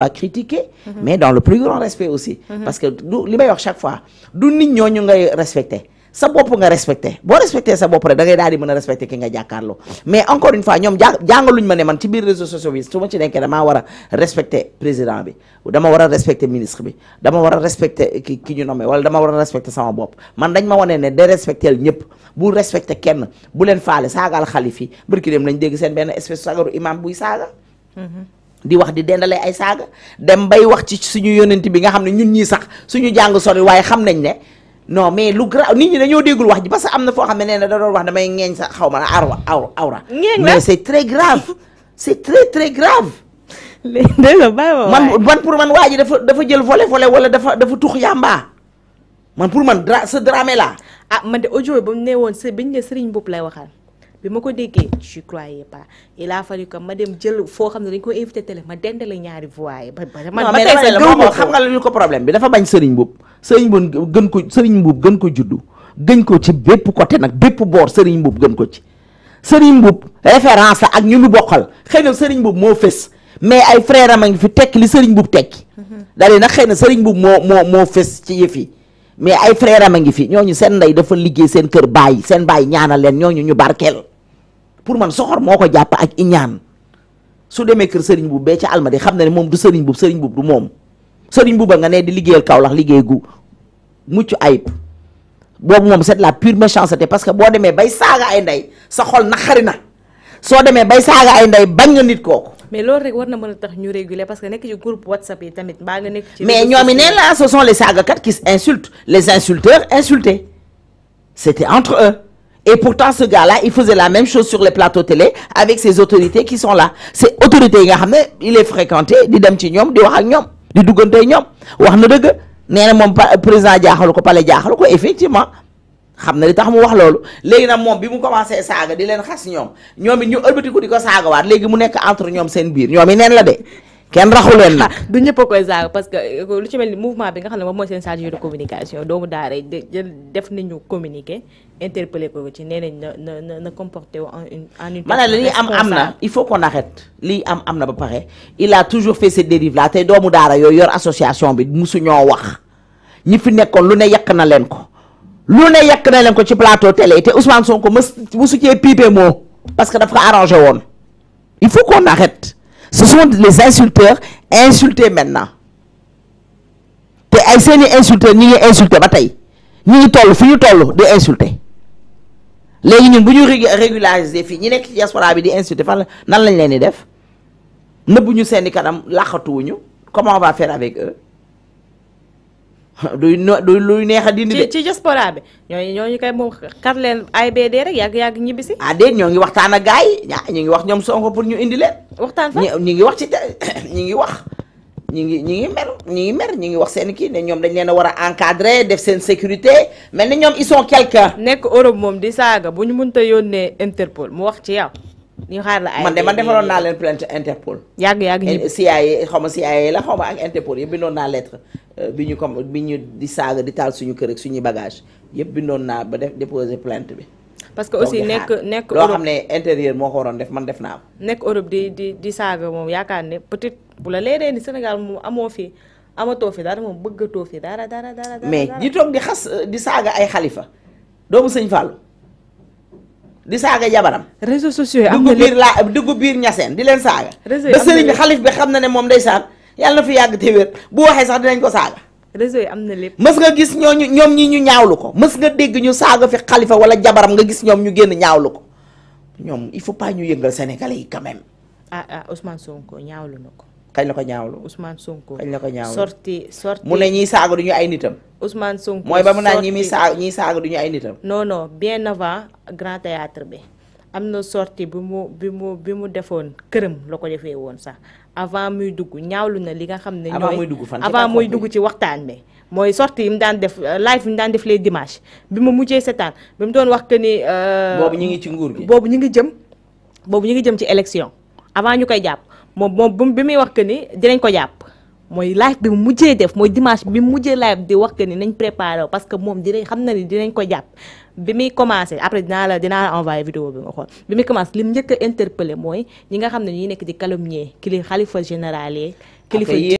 à critiquer, mhm. mais dans le plus grand respect aussi. Mhm. Parce que li chaque fois nous nit nous ngay respecté ça ne nga pas respecter, Si sa respectez da di nous mais encore une fois nous, nous avons réseaux sociaux bi su ma ci que Nous respecter président bi dama Nous ministre bi dama nous ki ñu wala dama Nous sama Nous man dañ ma ne ñëpp bu respecté kenn bu Nous Khalifi, barki dem lañ dégg espèce sagaru imam le di wax di dendalee ay saaga dem bay wax ci suñu yonent bi nga xam ne ñun ñii sax suñu jàng sori waaye xam nañ ne non mais lu grave nit ñi dañoo déggul wax ji parce que am na foo xam ne nee na da doon wax damay ŋeeñ sa xaw ma arwa aw awra mais c'est très grave c'est très très grave man man pour man waa ji dafa dafa jël volet volet wala dafa dafa tux yàmbaa man pour man dra sa dramé la ah man de audio ba mu ne woon sa biñ ne sëriñ bopp lay waxal bi ma ko déggee je croyais pas il a fallu que ma dem jël foo xam ne dañ ko invité télé ma dendale ñaari voix yi ba ba man ma tey la moom xam nga lu ko problème bi dafa bañ Serigne Mboup Serigne Mboup gën ko Serigne Mboup gën ko juddu gën ko ci bépp côté nag bépp boor Serigne Mboup gën ko ci Serigne Mboup référence ak ñu mu bokkal xëy na Serigne Mboup moo fës mais ay frère am ngi fi tekki li Serigne Mboup tekki mhm. daal nag xëy na Serigne Mboup moo moo moo fës ci yëf yi mais ay frère am a ngi fi ñooñu seen ndey dafa liggéey seen kër baay seen bàyyi ñaanal ñoo ñu ñu barkeel pour man soxor moo ko jàpp ak iñaan su demee kër sëriñ buub bee ca almadi xam na ne moom du sëriñ buub sëriñ buub du moom sëriñ buuba nga ne di liggéeyal Kaolack liggéey gu mucc ayib boobu moom set la pure méchanceté parce que boo demee bay saaga ay ndey sa xol naqari na soo demee bay saaga ay ndey bañ nga nit kooku mais loolu rek war na mën a tax ñu réguler parce que nekk ci groupe whatsapp yi tamit mbaa nga nekk ci. mais ñoom la ce sont les saagakat qui insultent les insulteurs insultés c'était entre eux et pourtant ce gars-là il faisait la même chose sur les plateaux télé avec ses autorités qui sont là ces autorités nga xam il est fréquenté di dem ci ñoom di wax ak ñoom di duggante ñoom wax na dëgg nee na président jaaxalu ko pale jaaxalu ko effectivement xamna li tax mu wax lolou legui na mom bi mu commencé saga di len xas ñom ñom it ñu ko di ko waat legui mu nekk entre ñom seen biir ñom yi neen la de kenn raxu leen nag du ñëpp koy saga parce que euh, lu ci melni mouvement bi nga xamne ne moom mooy seen chargé de communication doomu daara jël def nañu communiquer interpeller ko ci nee na na na comporté en une en une. maanaam li am am il faut qu'on arrête li am amna ba paré il a toujours fait ces dérives là te doomu daara yooyu yor association bi musu ñoo wax ñi fi nekkoon lu ne yak na len ko na ko ci plateau télé Ousmane Sonko pipé parce que il faut qu'on arrête ce sont les insulteurs insultés maintenant té ay séni insulteurs ni ngi insulté batay ni ngi fi ñu insulté légui ñun ñi ci diaspora bi di lañ comment on va faire avec eux duy no duy luy neex a dindi de. ci ci diaspora bi ñooñu ñooñu kay moom kat leen AIBD rek yàgg yàgg ñibbi si. ah déet ñoo ngi waxtaan a gars yi ah ñu ngi wax ñoom Sonko pour ñu indi leen. waxtaan fa ñu ngi wax ci ñu ngi wax. ñi ngi ñi ngi mer ñi ngi mer ñi ngi wax seen kii ne ñoom dañ leen a war a encadrer def seen sécurité mais ni ñoom ils sont quelqu'un. nekk Europe moom di saaga bu ñu mënta yónnee Interpol mu wax ci yow. ñu xaar la ay man de man defaloon naa leen plainte Interpol. yàgg yàgg ñëpp CIA xaw ma CIA la xaw ma ak Interpol yëpp bindoon naa lettre euh, bi ñu comme bi ñu di saaga di taal suñu kër ak suñuy bagage yëpp bindoon naa ba def déposer plainte bi. parce que aussi nekk nekk loo xam ne intérieur moo ko waroon def man def naa am nekk Europe di di di saaga moom yaakaar ne peut-être bu la leeree ni Sénégal moom amoo fi amatoo fi dara moom bëggatoo fi dara dara dara. mais di toog di xas di saaga ay xalifa doomu sëñ Fallou. di saaga jabaram. réseaux sociaux yi am na dugg biir laa dugg di leen saaga. réseau ba sëriñ bi xalif bi xam na ne moom ndeysaan yàlla na fi yàgg te bu waxee sax dinañ ko saaga. réseau yi am na lépp. mës nga gis ñooñu ñoom ñi ñu ñaawlu ko mës nga dégg ñu saaga fi xalifa wala jabaram nga gis ñoom ñu génn ñaawlu ko ñoom il faut pas ñu yëngal sénégalais yi quand même. ah ah Ousmane Sonko ñaawlu na ko. kañ la ko ñaawlu Ousmane Sonko kañ la ko ñaawlu sorti sorti mu ne ñiy saaga du ñu ay nitam. Ousmane Sonko mooy ba mu naan ñi muy saa ñiy saaga du ñu ay nitam. non non bien avant grand théâtre bi am na sorti bi mu bi mu bi mu defoon këram la ko defee woon sax avant muy dugg ñaawlu na li nga xam ne. avant muy dugg fan avant muy dugg ci waxtaan bi. mooy sorti yi daan def euh, live yi daan def lee dimanche bi mu mujjee setaan bi mu doon wax que ni. Euh, boobu ñu ngi ci nguur gi boobu ñu ngi jëm. boobu ñu ngi jëm ci élection avant ñu koy jàpp. moom moom wax que ni dinañ ko japp moy live bi mu def moy dimanche bi mu mujjee live di wax que ni nañ préparé parce que mom dinañ xamna ni dinañ ko japp bi muy commencé après dina la dina la envoyé vidéo bi nga xool bi muy commencé li mu njëkk a ñi nga xam ne nekk di calomnier kili xalifa général yi kilifa